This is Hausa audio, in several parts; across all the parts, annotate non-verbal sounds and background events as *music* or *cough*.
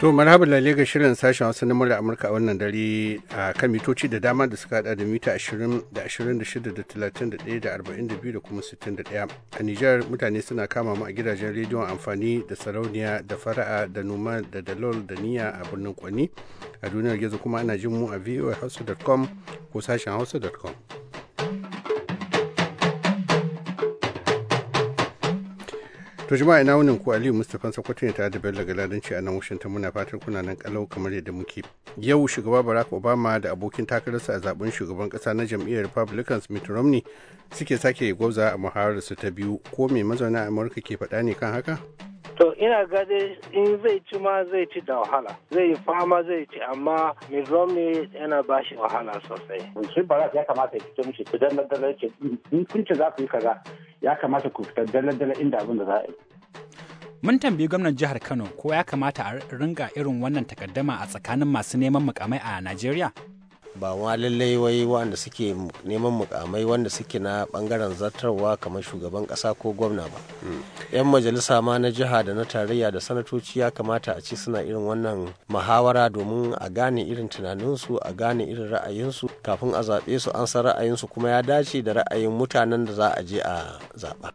To marhaba lalle ga shirin sashen wasu namar da Amurka a wannan dare a kan mitoci da dama da suka hada da mita 20 da 26 da 31 da 42 da kuma 61. A Nijar mutane suna kama mu a gidajen rediyon amfani da sarauniya da fara'a da noma da dalol da niya a birnin Kwani. A duniyar gizo kuma ana jin mu a voahausa.com ko sashen hausa.com. to jama'a ina wunin ku aliyu mustapha sakwato ne tare da bello galadanci a nan washington muna fatan kuna nan kalau kamar yadda muke yau shugaba barack obama da abokin takararsa a zaben shugaban kasa na jam'iyyar republicans mitt romney suke sake gwabza a muhawararsu ta biyu ko mai mazauna amurka ke faɗa ne kan haka to ina gade in zai ci ma zai ci da wahala zai fama zai ci amma mizomi yana ba shi wahala sosai shi ba ya kamata ya fito mishi ku dalla dalla ce in kun ce za ku yi kaza ya kamata ku fita dalla dalla inda abin da za a yi Mun tambayi gwamnan jihar Kano ko ya kamata a ringa irin wannan takaddama a tsakanin masu neman mukamai a Najeriya? ba ma lallai wai wanda suke neman mukamai wanda suke na bangaren zartarwa kamar shugaban kasa ko gwamna ba yan majalisa ma na jiha da na tarayya da sanatoci ya kamata a ci suna irin wannan muhawara domin a gane irin tunaninsu a gane irin ra'ayinsu kafin a zaɓe su an san ra'ayinsu kuma ya dace da ra'ayin mutanen da za a je a zaɓa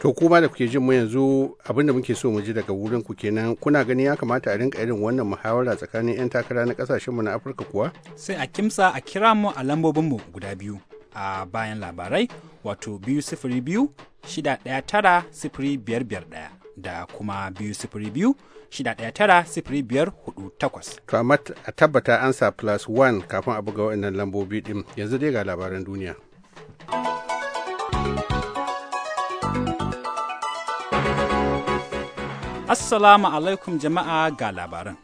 to kuma da kuke jin mu yanzu abinda muke so mu ji daga wurin ku kenan kuna gani ya kamata a rinka irin wannan muhawara tsakanin 'yan takara na kasashen mu na afirka kuwa sai a kimsa a kira mu a lambobin mu guda biyu a bayan labarai wato biyu sifiri biyu shida daya tara sifiri biyar biyar daya da kuma biyu sifiri biyu 619-0548. To a tabbata ansa plus one kafin a buga waɗannan lambobi ɗin yanzu dai ga labaran duniya. Assalamu alaikum jama'a ga labaran.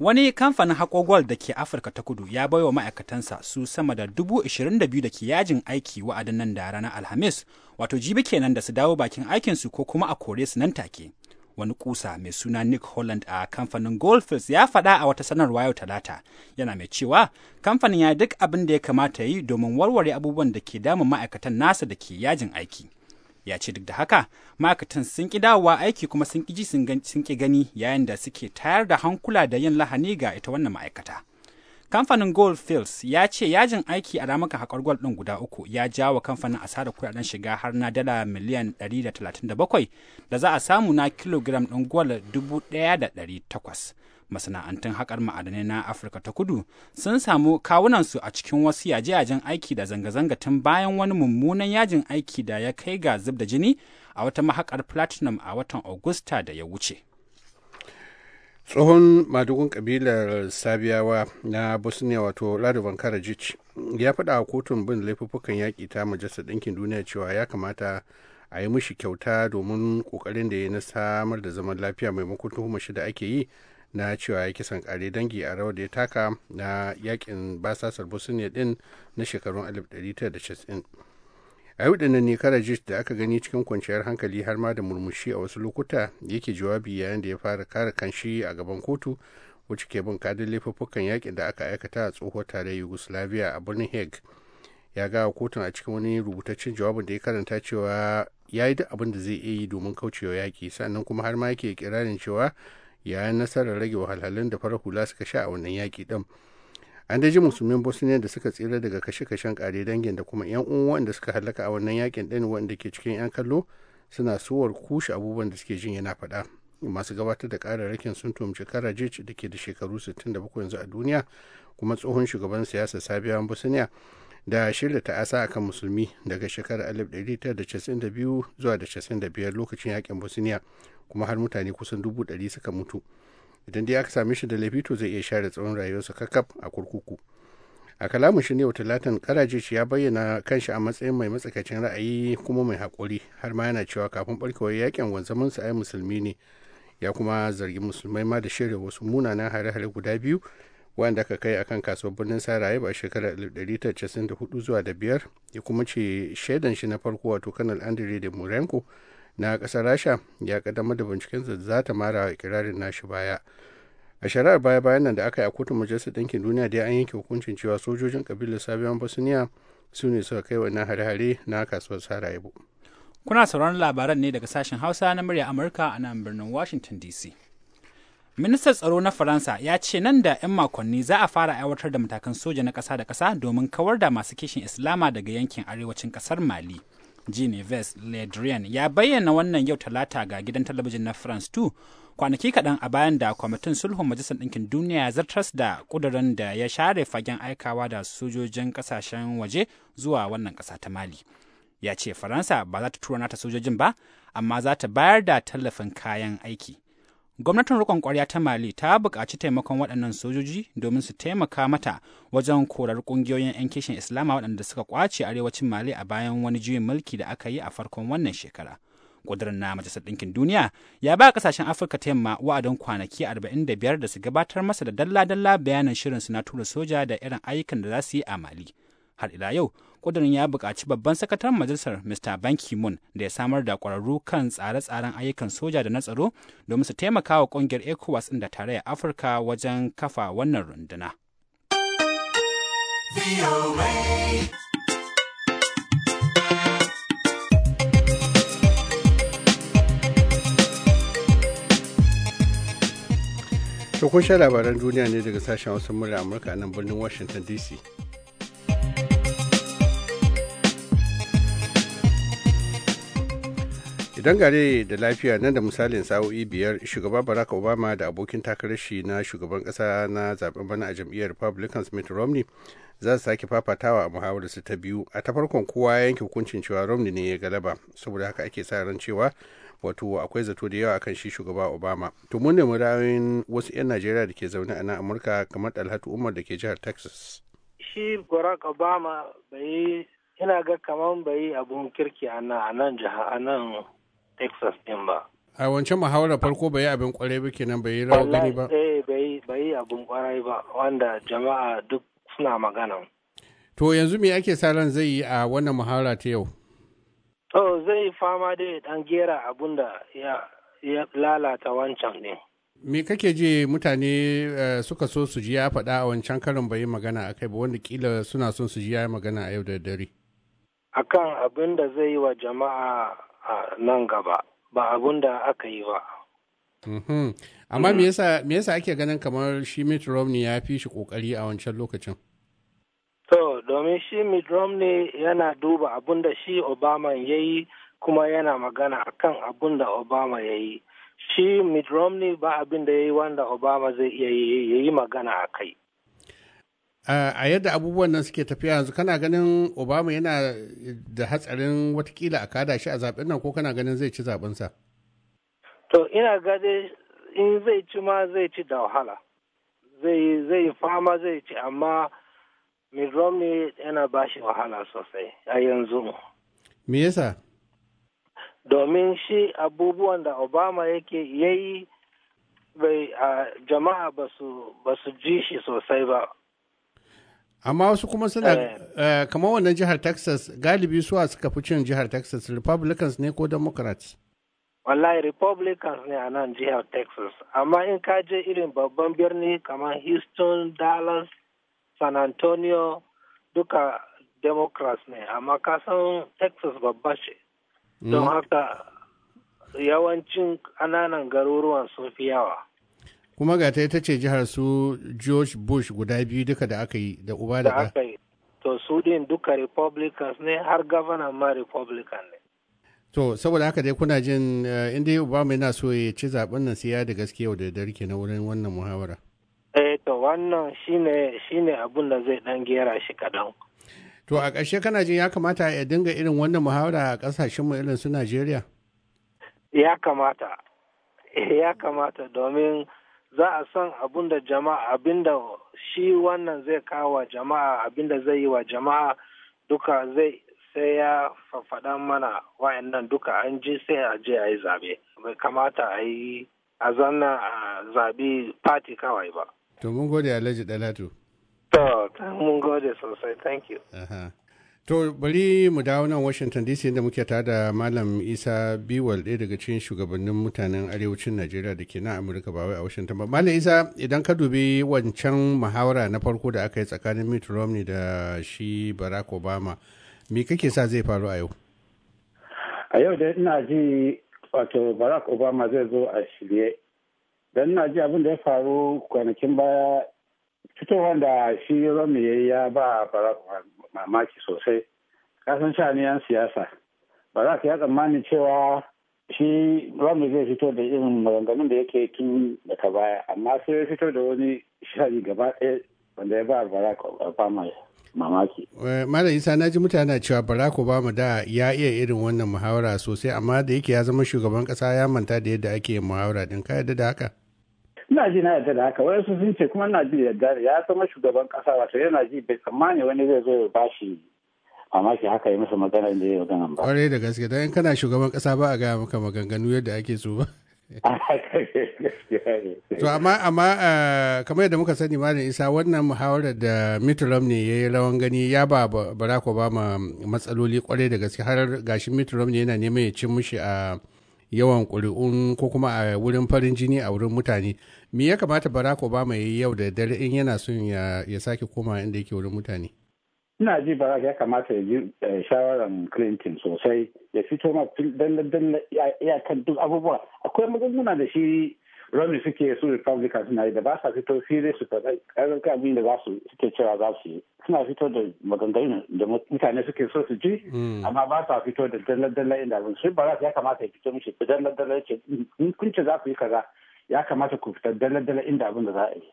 Wani kamfanin haƙo gwal da ke Afirka ta kudu ya baiwa ma'aikatansa su sama da dubu ishirin da biyu da ke yajin aiki wa'adin nan da ranar Alhamis, wato jibi kenan da su dawo bakin aikinsu ko kuma a kore su nan take. Wani kusa mai suna Nick Holland a kamfanin Goldfields ya faɗa a wata sanarwa yau Talata, yana mai cewa kamfanin ya duk abin da ya kamata yi domin warware abubuwan da ke damun ma'aikatan nasa da ke yajin aiki. ya ce duk da haka ma'aikatan sun ƙi dawowa aiki kuma sun ƙi ji sun ƙi gani yayin da suke tayar da hankula da yin lahani ga ita wannan ma'aikata kamfanin gold fields ya ce yajin aiki a ramuka haƙar gwal ɗin guda uku ya wa kamfanin asarar kuɗaɗen shiga har na dala miliyan 137 da za a samu na kilogiram ɗin gwal 1,800 masana'antun haƙar ma'adanai na afirka ta kudu sun samu kawunansu a cikin wasu yaje-yajen aiki da zanga-zanga tun bayan wani mummunan yajin aiki da ya kai ga zub da jini a wata mahaƙar platinum a watan augusta da ya wuce tsohon madugun kabilar sabiyawa na bosnia wato radovan karadzic ya faɗa a kotun bin laifuffukan yaƙi ta majalisar ɗinkin duniya cewa ya kamata a yi mishi kyauta domin ƙoƙarin da ya na samar da zaman lafiya maimakon tuhumar shi da ake yi na cewa ya kisan kare dangi a rawar da ya taka na yakin basasar bosnia din na shekarun 1990 a yau dinnan ne karajis da aka gani cikin kwanciyar hankali har ma da murmushi a wasu lokuta yake jawabi yayin da ya fara kare kanshi a gaban kotu wacce ke bin kadin laifuffukan yakin da aka aikata a tsohuwar tare yugoslavia a birnin hague ya gawa kotun a cikin wani rubutaccen jawabin da ya karanta cewa ya yi duk abin da zai iya yi domin kaucewa yaƙi sannan kuma har ma yake kirarin cewa yayin nasarar rage wahalhalun da farar hula suka sha a wannan yaƙi ɗin an daji musulmin bosniya da suka tsira daga kashe-kashen ƙare dangin da kuma 'yan uwan da suka halaka a wannan yaƙin ɗin wanda ke cikin 'yan kallo suna suwar kushe abubuwan da suke jin yana faɗa masu gabatar da rakin sun tumci karajic da ke da shekaru 67 yanzu a duniya kuma tsohon shugaban siyasa sabiyan bosniya da shirya ta'asa akan musulmi daga shekarar 1992 zuwa da 95 lokacin yakin bosniya kuma har mutane kusan dubu ɗari suka mutu idan dai aka same shi da laifi zai iya share tsawon rayuwarsa kakaf a kurkuku a kalamun shi ne talatan karaje ya bayyana kanshi a matsayin mai matsakaicin ra'ayi kuma mai haƙuri har ma yana cewa kafin barkewar yakin wanzamin sa ai musulmi ne ya kuma zargi musulmai ma da shirya wasu munanan hare-hare guda biyu wanda aka kai akan kasuwar birnin sarajevo a shekarar 1994 zuwa da biyar ya kuma ce shaidan shi na farko wato kanal andre de murenko na kasar rasha ya kaddamar da binciken da za ta mara ikirarin nashi baya a shari'ar baya bayan nan da aka yi a kotun majalisar ɗinkin duniya dai an yanke hukuncin cewa sojojin kabilar sabiyan bosniya su ne suka kai wannan hare-hare na kasuwar sarajevo kuna sauraron labaran ne daga sashen hausa na murya amurka a nan birnin washington dc ministan tsaro na faransa ya ce nan da 'yan makonni za a fara aiwatar da matakan soja na ƙasa da ƙasa domin kawar da masu kishin islama daga yankin arewacin ƙasar mali Genevieve Le ya bayyana wannan yau talata ga gidan talabijin na France 2 kwanaki kaɗan a bayan da kwamitin sulhun majalisar ɗinkin duniya zartas da ƙudurin da ya share fagen aikawa da sojojin ƙasashen waje zuwa wannan ƙasa ta Mali. Ya ce Faransa ba za ta tura nata sojojin ba, amma za ta bayar da tallafin kayan aiki. gwamnatin rikon kwarya ta mali ta buƙaci taimakon waɗannan sojoji domin su taimaka mata wajen korar ƙungiyoyin 'yan kishin islama waɗanda suka kwace arewacin mali a bayan wani juyin mulki da aka yi a farkon wannan shekara ƙudurin na majalisar ɗinkin duniya ya ba ƙasashen afirka ta yamma wa'adin kwanaki arba'in da biyar da su gabatar masa da dalla-dalla bayanan shirin su na tura soja da irin ayyukan da za su yi a mali har ila yau kudurin ya buƙaci babban sakataren majalisar Mr. Ban Ki-moon da ya samar da ƙwararru kan tsare-tsaren ayyukan soja da na tsaro domin su taimaka wa ƙungiyar ECOWAS da tarayyar Afirka wajen kafa wannan runduna. To sha labaran duniya ne daga sashen wasu murya Amurka nan birnin Washington DC. idan gare da lafiya nan da misalin sa'o'i biyar shugaba barack obama da abokin takarar shi na shugaban kasa na zaben bana a jam'iyyar republicans mitt romney za su sake fafatawa a muhawararsu ta biyu a ta farkon kowa yanke hukuncin cewa romney ne ya galaba saboda haka ake sa ran cewa wato akwai zato da yawa akan shi shugaba obama to mun nemi ra'ayoyin wasu 'yan najeriya da ke zaune a nan amurka kamar dalhatu umar da ke jihar texas shi barack obama bai yana ga kamar bai abun kirki a nan jihar a nan texas din ba a wancan muhawarar farko bai yi abin kwarai ba kenan bai yi rawa gani ba eh bai yi abin kwarai ba wanda jama'a duk suna magana to yanzu me ake sa ran zai yi a wannan muhawara ta yau to zai fama da dan gera abin da ya lalata wancan din me kake je mutane eh, suka so su ji ya faɗa a wancan karin bai magana akai ba wanda kila suna son su ji ya magana a yau da dare akan abin da zai yi wa jama'a nan gaba ba abin da aka yi ba mhm. amma me yasa ake ganin kamar shi Mitt Romney ya fi shi kokari a wancan lokacin to domin shi Mitt Romney yana duba abin da shi Obama ya yi kuma yana magana akan abin da Obama ya yi shi Mitt Romney ba abin da ya yi wanda Obama zai iya yi magana a kai a yadda abubuwan nan suke tafiya yanzu kana ganin obama yana da hatsarin watakila a kada shi a zaben nan ko kana ganin zai ci zabensa to ina gade in zai ci ma zai ci da wahala zai fama zai ci amma mitt romney yana ba shi wahala sosai a yanzu me yasa domin shi abubuwan da obama yake yayi bai jama'a ba su ji shi sosai ba amma wasu kuma suna eh. Eh, kamar wannan jihar texas galibi suwa suka fi cin jihar texas republicans ne ko democrats wallahi republicans ne a nan jihar texas amma in ka je irin babban birni kamar houston dallas san antonio duka democrats ne amma ka san texas babba ce don mm. haka yawancin ƙananan garuruwan sun fi yawa kuma ga ta ita ce jihar su george bush guda biyu duka da aka yi da uba da aka yi to su din duka republicans ne har governor ma republican ne to saboda haka dai kuna jin eh, inda obama yana so ya ci zaben nan sai ya da gaske yau da dare na wurin wannan muhawara eh to wannan shine shine abun da zai dan gera shi kadan to a ƙarshe kana jin ya kamata ya dinga irin wannan muhawara a ƙasashen mu irin su Najeriya ya kamata eh, ya kamata domin za a san abin da jama'a abin da shi wannan zai kawo jama'a abin da zai yi wa jama'a duka zai sai ya faɗa mana wa'annan duka an ji sai a je a yi zabe bai kamata a yi a zanna a zabi party kawai ba to mun gode alhaji dalatu to mun gode sosai thank you To bari mu dawo nan Washington DC inda muke tare da Malam Isa Biwal ɗaya daga cikin shugabannin mutanen arewacin Najeriya da ke nan Amurka ba wai a Washington ba. Malam Isa idan ka dubi wancan muhawara na farko da aka yi tsakanin Mitt Romney da shi Barack Obama, me kake sa zai faru a yau? A yau da ina ji wato Barack Obama zai zo a shirye. Dan ina ji abin da ya faru kwanakin baya fitowar da shi Romney ya ba Barack Obama. mamaki sosai kasan yan siyasa ba za ka yi tsammanin cewa shi wani zai fito da irin maganganun da yake tun da ta baya amma sai ya fito da wani shari gaba ɗaya wanda ya ba barack obama mamaki. Eh, mara Isa na ji mutane cewa barak Obama da ya iya irin wannan muhawara sosai amma da yake ya zama shugaban kasa ya manta da yadda ake muhawara din ka yadda da haka. ina ji na yarda da haka wani sun ce kuma ina ji yarda ya zama shugaban kasa wato yana ji bai tsammani wani zai zo ya bashi mamaki haka yi masa magana da ya magana ba. Kwarai da gaske dan kana shugaban kasa ba a gaya maka maganganu yadda ake so ba. *laughs* To amma amma eh, kamar yadda muka sani Malam Isa wannan muhawarar da Mitt ne ya yi rawan gani ya ba Barack Obama matsaloli kwarai da gaske har gashi Mitt Romney yana neman ya ci mushi a yawan ƙuri'un ko kuma a wurin farin jini a wurin mutane me ya kamata barack obama ya yi yau da dare in yana son ya sake koma inda yake wurin mutane ina ji barack ya kamata ya ji eh, shawaran clinton sosai ya fito ma dalla ya kan duk abubuwa akwai magunguna da shi Romney suke su republican suna yi da ba sa fito fili su faɗa ƙarfi abin da za su suke cewa za su yi suna fito da maganganu da mutane suke so su ji mm. amma ba sa fito da dallar-dallar inda abin su Barack ya kamata ya fito mishi da dallar ya ce mm, kun ce za ku yi kaza ya kamata ku fitar dala-dala inda abin da za a yi.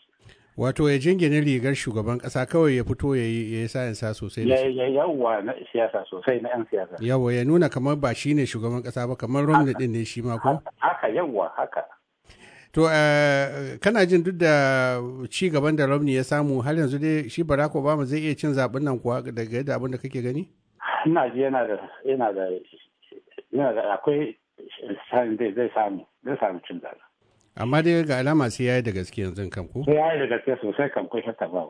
Wato ya jingine rigar shugaban kasa kawai ya fito ya yi sayansa sosai. Ya yawwa na siyasa sosai na 'yan siyasa. Yawwa ya nuna kamar ba shi ne shugaban kasa ba kamar Romney din ne shi ma ko? Haka yawwa haka. To eh, kana jin duk da ci gaban da Romney ya samu har yanzu dai shi Barack Obama zai iya cin zaben nan kuwa daga yadda abin da kake gani? Ina ji yana da yana da yana da akwai zai samu zai samu cin zaben. amma dai ga alama sai yayi da gaske yanzu kan ku. sai yayi da gaske sosai kan shakka ba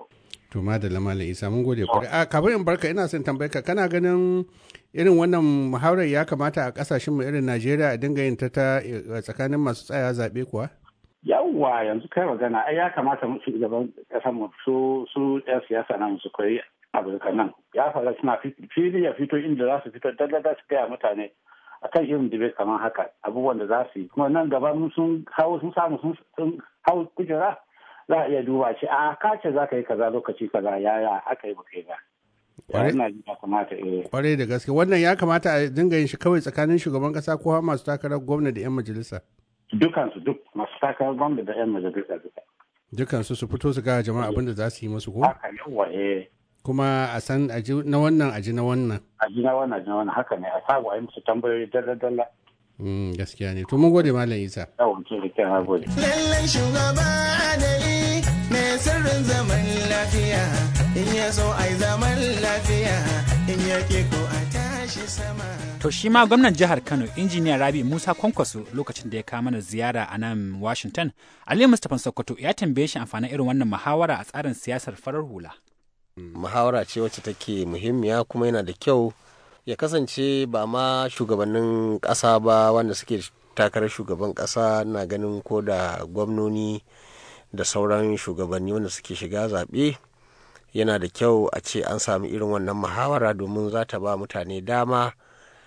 to ma da lamalin isa mun gode kuri. a ah, in barka ina son tambayar ka kana ganin irin wannan muhawarar ya kamata a kasashen mu irin Najeriya a dinga yin ta ta eh, tsakanin masu tsaya zabe kuwa yawwa yanzu kai magana ai ya kamata mu gaban kasar mu su su ɗan siyasa nan su koyi Amurka nan ya fara suna fili ya fito inda za su fito dalla za su kai mutane a kan irin debate kamar haka abubuwan da za su yi kuma nan gaba sun hau sun samu sun hau kujera za a iya duba ce a kace za ka yi kaza lokaci kaza ya ya aka yi baka yi ba kwarai eh. da gaske wannan ya kamata a dinga yin shi kawai tsakanin shugaban kasa ko masu takarar gwamna da 'yan majalisa dukansu duk masu takarar gwamna da 'yan majalisa duka dukansu su fito su gaya jama'a abin da za su yi masu ko haka yawa eh kuma a san aji na wannan aji na wannan aji na wannan aji na wannan haka ne a sa yi musu tambayoyi dalla dalla mm, gaskiya ne to mun gode malam isa yawon ke rikin na gode lallai shugaba yi mai sirrin zaman lafiya in ya so ai zaman lafiya in ya ke ko a tashi sama To shi ma gwamnan jihar Kano injiniya Rabi Musa Kwankwaso lokacin da ya kawo mana ziyara a nan Washington, Ali Mustapha Sokoto ya tambaye shi amfanin irin wannan muhawara a tsarin siyasar farar hula. muhawara ce wacce take muhimmiya kuma yana da kyau ya kasance ba ma shugabannin ƙasa ba wanda suke takarar shugaban ƙasa na ganin ko da gwamnoni da sauran shugabanni wanda suke shiga zaɓe yana da kyau a ce an sami irin wannan muhawara domin za ta ba mutane dama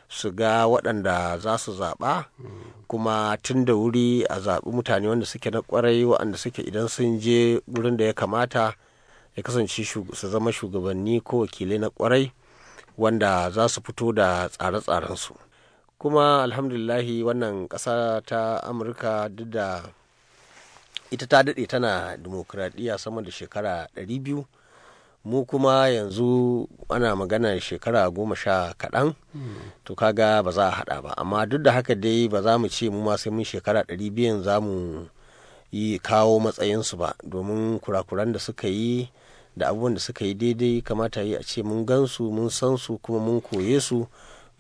su ga waɗanda za su zaɓa kuma tun da wuri a zaɓi mutane wanda suke na ƙwarai waɗanda suke idan sun je wurin da ya kamata ya kasance su zama shugabanni ko wakilai na kwarai wanda za su fito da tsare-tsarensu kuma alhamdulillahi wannan ƙasa ta amurka duk da ita ta daɗe tana dimokuraɗiyya sama da shekara 200 mu kuma yanzu ana magana shekara goma sha kaɗan to kaga ba za a haɗa ba amma duk da haka dai ba za mu ce mu ma sai mun shekara 200 za mu yi kawo matsayinsu ba domin kurakuran da suka yi da abubuwan da suka yi daidai kamata yi a ce mun gansu mun san su kuma mun koye su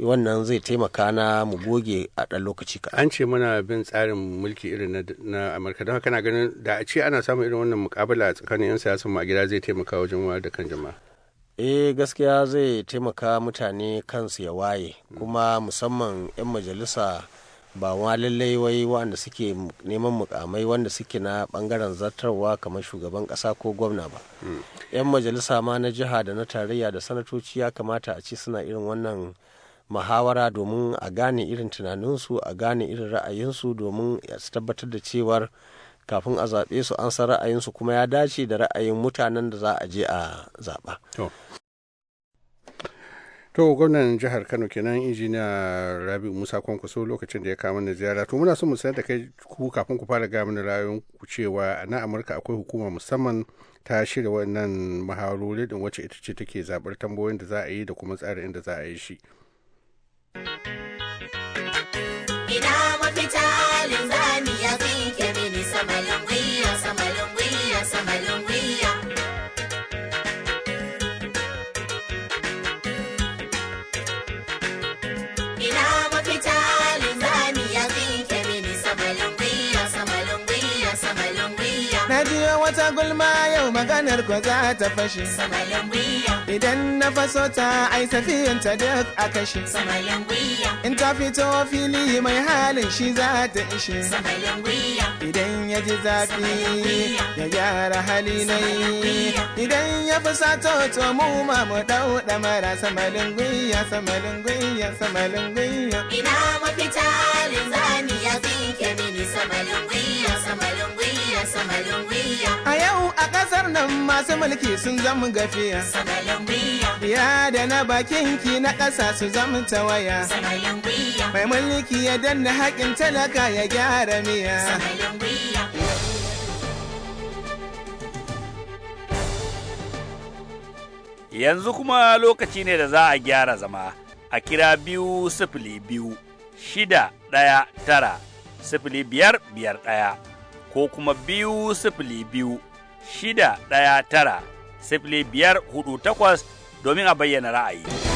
wannan zai taimaka na mu goge a ɗan lokaci ka an ce muna bin tsarin mulki irin na amurka don haka na ganin da a ce ana samun irin wannan mukabala tsakanin 'yan siyasan a gida zai taimaka wajen wayar da kan jama'a eh gaskiya zai taimaka mutane kansu ya waye kuma musamman 'yan majalisa ba wa lallai wai wanda suke neman mukamai wanda suke na bangaren zartarwa kamar shugaban kasa ko gwamna ba hmm. yan majalisa ma na jiha da na tarayya da sanatoci ya kamata a ce suna irin wannan mahawara domin a gane irin tunaninsu a gane irin ra'ayinsu domin ya tabbatar da cewar kafin a zaɓe su an san ra'ayinsu kuma ya dace da ra'ayin mutanen da za a je a zaɓa to gwamnan jihar kano kenan injiniya rabi musa kwankwaso lokacin da ya kama na ziyara to muna son mu sanar da kai ku kafin ku fara gaya mana rayuwar ku cewa na amurka akwai hukuma musamman ta shirya wannan muhawarori din wacce ita ce take zabar tambayoyin da za a yi da kuma tsarin da za a yi shi. Na wata gulma yau maganar ko za ta fashe. Idan na faso ta ai safiyan ta duk a kashe. In ta fito fili mai halin shi za ta ishe. Idan ya ji zafi ya gyara hali nai. Idan ya fi sato to mu ma mu dau mara samalin gwiya samalin gwiya samalin gwiya. Ina mafita linzami ya tsinke mini samalin gwiya samalin gwiya samalin gwiya. a ƙasar nan masu mulki sun zama gafiya biya da na bakin ki na ƙasa su zama tawaya mai mulki ya danna haƙin talaka ya gyara miya yanzu kuma lokaci ne da za a gyara zama a kira biyu sifili biyu shida ɗaya tara sifili biyar biyar ɗaya ko kuma biyu sifili biyu shida ɗaya tara sifili biyar hudu takwas domin a bayyana ra'ayi.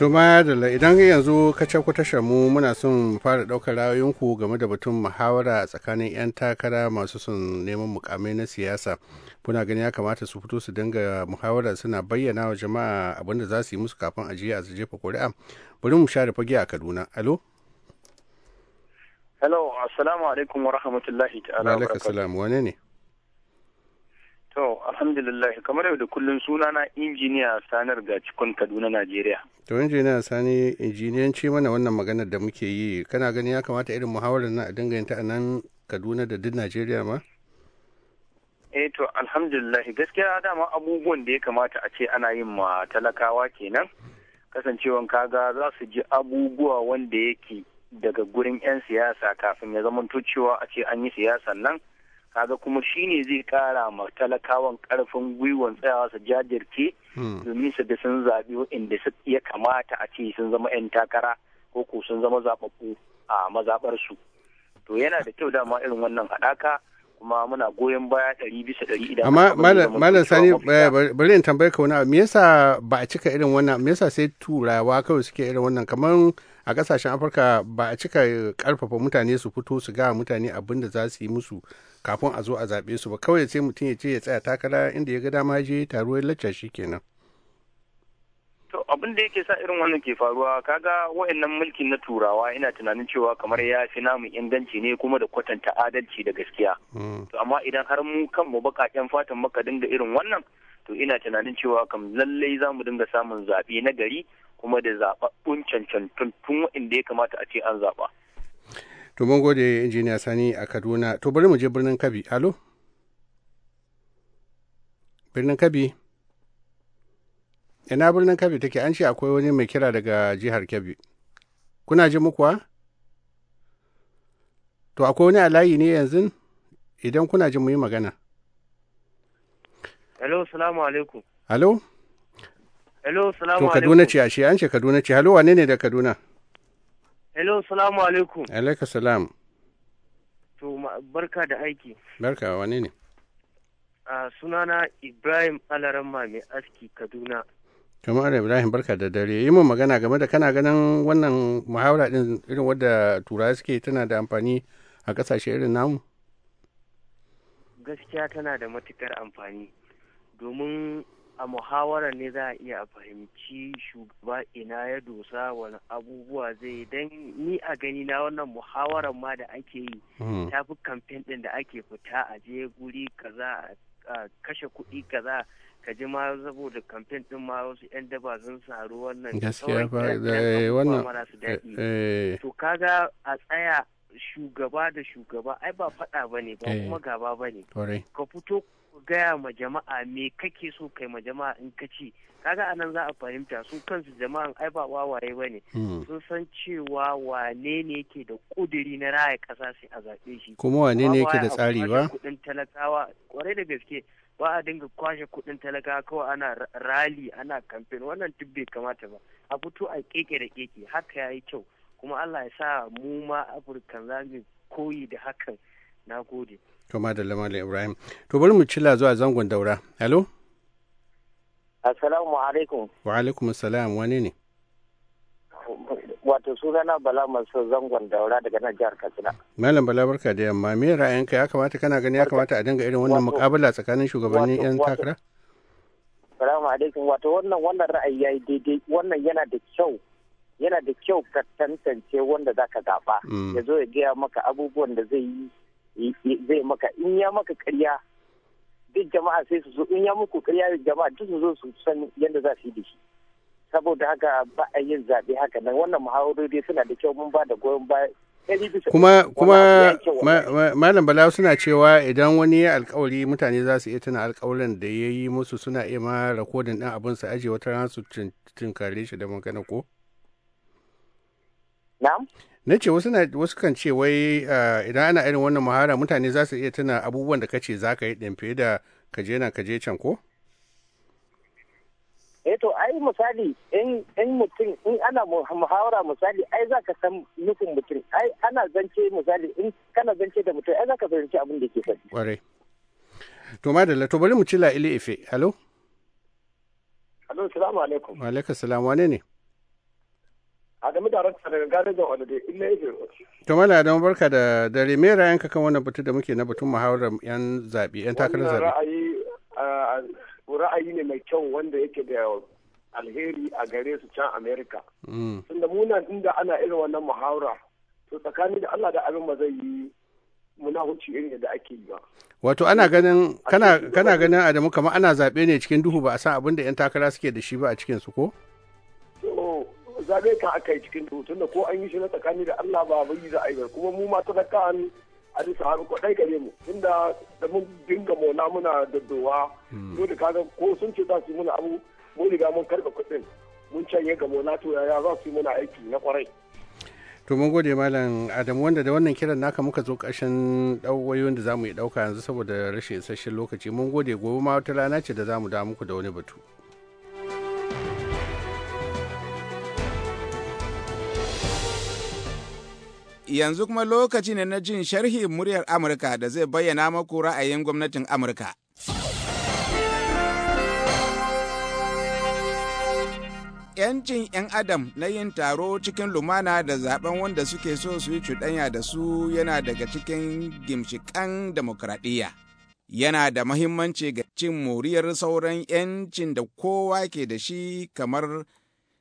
To ma da idan yanzu ka ku tashar mu muna son fara ɗaukar ra'ayinku game da batun muhawara tsakanin 'yan takara masu son neman mukamai na siyasa. Kuna gani ya kamata su fito su dinga muhawara suna bayyana wa jama'a abin da za su yi musu kafin jiya a jefa kuri'a. Bari mu share fage a Kaduna. Alo? Hello, assalamu alaikum wa rahmatullahi ta'ala. Wa alaikum assalam wane ne? To, alhamdulillah kamar yau da kullum sunana injiniya sanar ga cikon Kaduna, Najeriya. To, injiniya sani injiniyanci mana wannan maganar da muke yi, kana gani ya kamata irin muhawarar na a dinga yin ta a nan Kaduna da duk Najeriya ma? Eh to, alhamdulillah gaskiya dama abubuwan da ya kamata a ce ana yin ma talakawa kenan. Kasancewan kaga za su ji abubuwa wanda yake daga gurin 'yan siyasa kafin ya zamanto cewa a ce an yi siyasan nan. kaga kuma shine zai kara ma talakawan karfin gwiwon tsayawa su jajirce hmm. domin su da sun zaɓi waɗanda ya kamata a ce sun zama 'yan takara ko ko sun zama zaɓaɓɓu a su to yana da kyau dama irin wannan haɗaka kuma muna goyon baya ɗari bisa ɗari idan amma malam sani eh, bari in tambaye ka wani me yasa ba a cika irin wannan me yasa sai turawa kawai suke irin wannan kamar a kasashen afirka ba a cika karfafa mutane su fito su ga mutane abin da za su yi musu kafin a zo a zaɓe su ba kawai sai mutum ya ce ya tsaya takara inda ya ga dama je taro ya lacca shi kenan to abin da yake sa irin wannan ke faruwa kaga wa'annan mulkin na turawa ina tunanin cewa kamar ya fi namu inganci ne kuma da kwatanta adalci da gaskiya hmm. to amma idan har mu kanmu bakaken fatan maka dinga irin wannan to ina tunanin cewa kam lallai za mu dinga samun zaɓe na gari kuma da zaɓaɓɓun cancantun tun waɗanda ya kamata a ce an zaɓa. To mun gode injiniya Sani a Kaduna. To bari mu je birnin Kabi. Alo? Birnin Kabi? Ina birnin Kabi take an ce akwai wani mai kira daga jihar Kabi. Kuna ji kuwa? To akwai wani alayi ne yanzu idan kuna ji mu yi magana. Hello, salamu alaikum. Hello? Hello, salamu alaikum. To Kaduna ce ashe an ce Kaduna ce. Hello, wane ne da Kaduna? Hello, salamu alaikum. Alaikum salam. To barka da aiki. Barka wane ne? Uh, sunana Ibrahim Alaramma mai aski Kaduna. Jama'ar Ibrahim barka da dare. Yi mun magana game da kana ganin wannan muhawara din irin wadda tura suke tana da amfani a kasashe irin namu? Gaskiya tana da matukar amfani. Domin a muhawarar ne za a iya fahimci shugaba ina ya dosa wani abubuwa zai yi don ni a gani na wannan muhawarar ma da ake yi hmm. ta fi kamfen ɗin da ake fita a je guri kaza a kashe kuɗi kaza ka ji ma saboda kamfen ɗin ma wasu 'yan daba sun saru wannan gaskiya ba eh, eh, wannan eh, to kaga a tsaya shugaba da shugaba ai ba faɗa ba ba kuma gaba ba ka fito gaya ma jama'a me kake so kai ma jama'a in ka ce kaga anan za a fahimta su kansu jama'an ai ba wawaye bane hmm. sun san cewa wane ne yake da kuduri na raya kasa sai a zaɓe shi kuma wane ne yake da tsari ba kudin talakawa kware da gaske ba a dinga kwashe kudin talakawa kawai ana rali ana kamfen wannan duk bai kamata ba a fito a keke da keke haka yayi kyau kuma Allah ya sa mu ma Afirka za mu koyi da hakan na gode To Madalla Malam Ibrahim. To bari mu cila zuwa zangon daura. Hello? Assalamu alaikum. Wa alaikum assalam wani ne? Wato na Bala masu zangon daura daga nan jihar Katsina. Malam Bala barka da yamma me ra'ayinka ya kamata kana gani ya kamata a dinga irin wannan mukabala tsakanin shugabannin yan takara? Assalamu alaikum wato wannan wannan ra'ayi yayi daidai wannan yana da kyau yana da kyau ka tantance wanda zaka gaba mm. ya zo ya gaya maka abubuwan da zai yi zai maka in ya maka karya duk jama'a sai su zo in ya muku karya jama'a duk su zo su san yadda za su yi da shi saboda haka ba a yin zaɓe haka nan wannan muhawarori suna da kyau mun ba da goyon baya kuma kuma malam bala suna cewa idan wani ya alkawari mutane za su iya tuna alkawarin da ya yi musu suna iya ma rakodin din abin su ajiye wata ran su tunkare shi da magana ko? Na'am. na ce wasu na wasu kan ce wai eh, idan ana irin wannan muhara mutane za su iya tuna abubuwan da kace za ka yi ɗin fiye da nan na je can ko? eh to ai misali in mutum in ana muhawara misali ai za ka san nufin mutum ai ana zance misali in kana zance da mutum ai za ka zance abin da ke faɗi. Ƙwarai. To madalla to bari mu ci la'ili ife. Halo? Halo, salamu alaikum. Wa alaikum salam wane ne? Adamu darakta daga garejin Holiday Illa Ijewa. To Mala Adamu barka da dare me ra'ayinka kan wannan batu da muke na batun muhawarar 'yan zaɓe 'yan takarar zaɓe. Ra'ayi ra'ayi ne mai kyau wanda yake da alheri a gare su can Amerika. Mm. Tunda muna inda ana irin wannan muhawara to tsakani da Allah da abin ba zai yi munahuci irin da ake yi ba. Wato ana ganin kana ganin Adamu kamar ana zaɓe ne cikin duhu ba a san abin da 'yan takara suke da shi ba a cikin su ko? zabe kan aka yi cikin duhu da ko an yi shi na tsakani da Allah ba bai za a kuma mu ma ta da kan a bisa ko dai gare mu tunda da mun dinga mona muna daddowa hmm. dole kaga ko sun ce za su muna abu mun riga mun karɓa kuɗin mun canye ga mona to yaya za su muna aiki na kwarai. to mun gode malam adamu wanda da wannan kiran naka muka zo ƙarshen wayoyin da za mu yi ɗauka yanzu saboda rashin isasshen lokaci mun gode gobe ma wata rana ce da za mu da muku da wani batu. yanzu kuma lokaci ne na jin sharhi muryar Amurka da zai bayyana maku ra'ayin gwamnatin Amurka. Yancin 'yan Adam na yin taro cikin lumana da zaben wanda suke so su yi cuɗanya da su yana daga cikin gimshikan demokradiyya. Yana da mahimmanci ga cin moriyar sauran 'yancin da kowa ke da shi kamar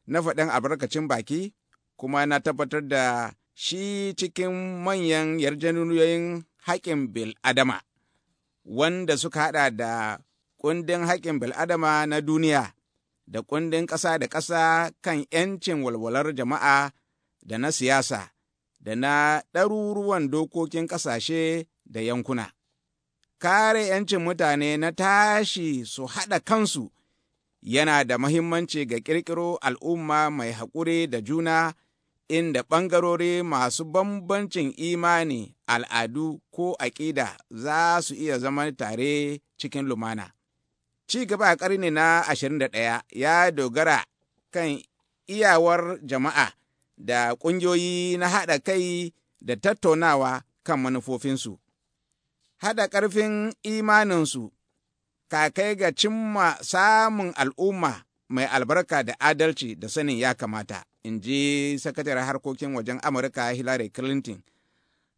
na faɗin albarkacin baki, kuma na tabbatar da shi cikin manyan yarjejeniyoyin haƙƙin bil'adama, wanda suka haɗa da ƙundin haƙƙin bil'adama na duniya da ƙundin ƙasa da ƙasa kan ‘yancin walwalar jama'a da na siyasa da na ɗaruruwan dokokin ƙasashe da yankuna. kare ‘yancin mutane na tashi su haɗa kansu yana da mahimmanci ga ƙirƙiro al'umma mai haƙuri da juna inda ɓangarori masu bambancin imani, al'adu ko aƙida za su iya zama tare cikin lumana. Ci gaba a ƙarni na ashirin da ɗaya ya dogara kan iyawar jama'a da ƙungiyoyi na haɗa kai da tattaunawa kan manufofinsu. Haɗa ƙarfin imaninsu, kakai ga cimma samun al'umma mai albarka da adalci da sanin ya kamata, in ji sakataren harkokin wajen Amurka Hillary Clinton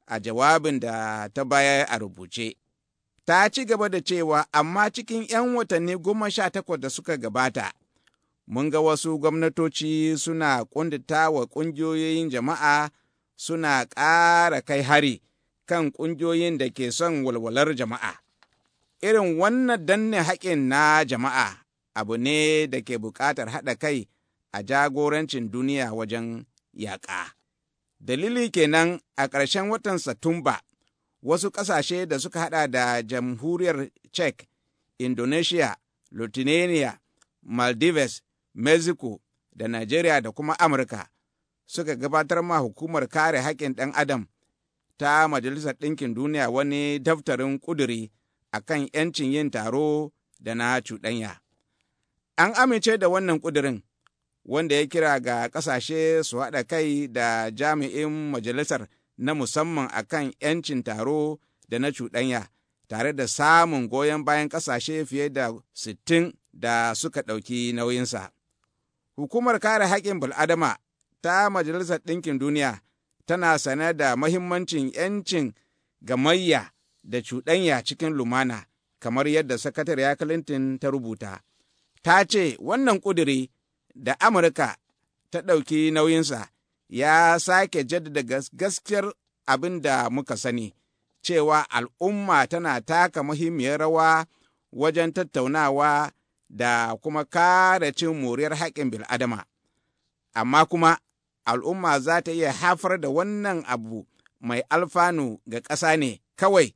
a jawabin da ta baya a rubuce. Ta ci gaba da cewa amma cikin 'yan watanni goma sha takwas da suka gabata, mun ga wasu gwamnatoci suna kundita wa ƙungiyoyin jama'a suna ƙara kai hari kan ƙungiyoyin da ke son walwalar jama'a. Irin wannan danne haƙin na jama'a abu ne da ke buƙatar haɗa kai a jagorancin duniya wajen yaƙa. Dalili kenan a ƙarshen watan Satumba, wasu ƙasashe da suka haɗa da jamhuriyar Czech, Indonesia, Lithuania, Maldives, Mexico da Najeriya da kuma Amurka suka gabatar ma hukumar kare haƙƙin ɗan Adam ta Majalisar Ɗinkin Duniya wani daftarin ƙuduri a kan ‘yancin yin taro da na cuɗanya. An amince da wannan ƙudurin, wanda ya kira ga ƙasashe su haɗa kai da jami'in majalisar na musamman a kan 'yancin taro da na cuɗanya, tare da samun goyon bayan ƙasashe fiye da sittin da suka ɗauki nauyinsa. Hukumar kare haƙƙin bul’adama ta Majalisar Ɗinkin Duniya tana sane da mahimmancin 'yancin gamayya da cuɗanya cikin lumana, kamar yadda Sakatariya Clinton ta rubuta. ta ce wannan ƙuduri da Amurka ta ɗauki nauyinsa ya sake jaddada gaskiyar abin da muka sani cewa al'umma tana taka muhimmiyar rawa wajen tattaunawa da kuma kare cin moriyar haƙƙin bil'adama. Amma kuma al'umma za ta iya hafar da wannan abu mai alfanu ga ƙasa ne kawai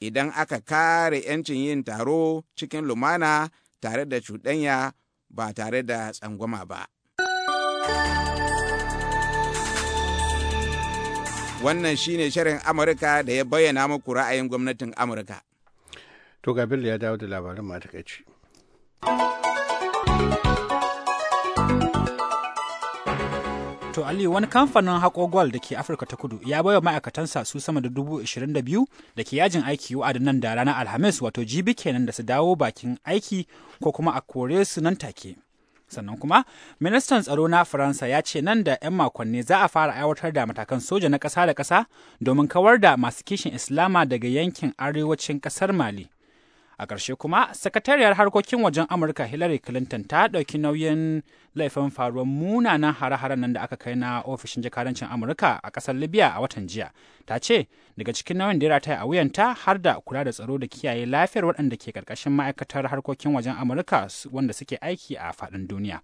idan aka kare ‘yancin yin taro cikin lumana. tare da cuɗanya ba tare da tsangwama ba. Wannan shi ne shirin Amurka da ya bayyana muku ra'ayin gwamnatin Amurka. To Gabriel ya dawo da labarin matakaici. To Ali wani kamfanin haƙo gwal da ke Afirka ta kudu ya baiwa ma'aikatansa su sama da dubu ishirin da biyu da ke yajin aiki wa'adin nan da ranar Alhamis wato jibi kenan da su dawo bakin aiki ko kuma a kore su nan take. Sannan kuma, ministan tsaro na Faransa ya ce nan da 'yan makonni za a fara aiwatar da matakan soja na ƙasa da ƙasa domin kawar da masu kishin Islama daga yankin arewacin ƙasar Mali. a ƙarshe kuma sakatariyar harkokin wajen amurka hillary clinton ta ɗauki nauyin laifin faruwar munanan hare-haren nan da aka kai na ofishin jakadancin amurka a ƙasar libya a watan jiya ta ce daga cikin nauyin da ya rataya a wuyanta har da kula da tsaro da kiyaye lafiyar waɗanda ke ƙarƙashin ma'aikatar harkokin wajen amurka wanda suke aiki a faɗin duniya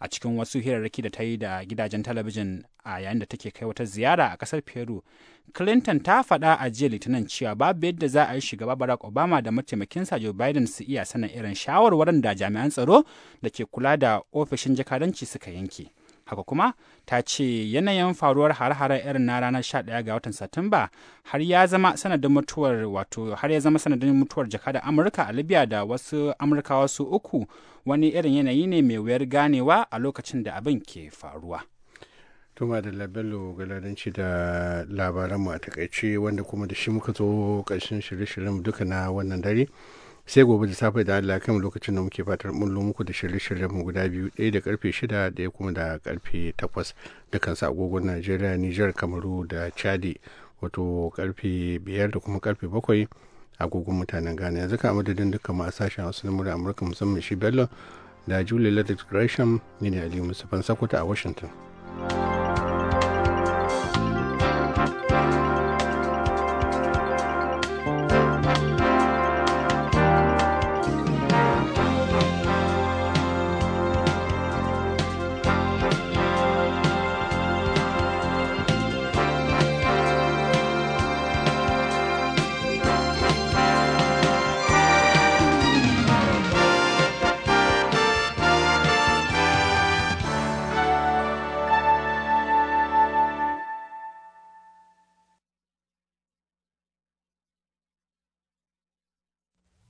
a cikin wasu hirarraki da ta yi da gidajen talabijin a yayin da take kai wata ziyara a kasar peru clinton ta faɗa a jiya litinin cewa babu yadda za a yi shugaba barack obama da mataimakinsa joe biden su iya sanin irin shawarwarin da jami'an tsaro da ke kula da ofishin jakadanci suka yanke haka kuma ta ce yanayin faruwar har hare irin na ranar 11 ga watan satumba har ya zama sanadin mutuwar wato har ya zama sanadin mutuwar jakadar amurka a libya da wasu amurka wasu uku wani irin yanayi ne mai wuyar ganewa a lokacin da abin ke faruwa tuma da labello galadanci da labaranmu a takaice wanda kuma da shi muka zo ƙarshen shirye-shiryen duka na wannan dare sai gobe da safe da Allah kan lokacin da muke fatar mullo muku da shirye-shiryen mu guda biyu ɗaya da karfe shida ɗaya kuma da karfe takwas kansa agogon Najeriya Nijar Kamaru da Chadi wato karfe biyar da kuma karfe bakwai agogon mutanen Ghana yanzu kan madadin dukkan ma sashen Hausa na murya Amurka musamman shi Bello da Julie Ladis Gresham ne ne Aliyu Musafan a Washington.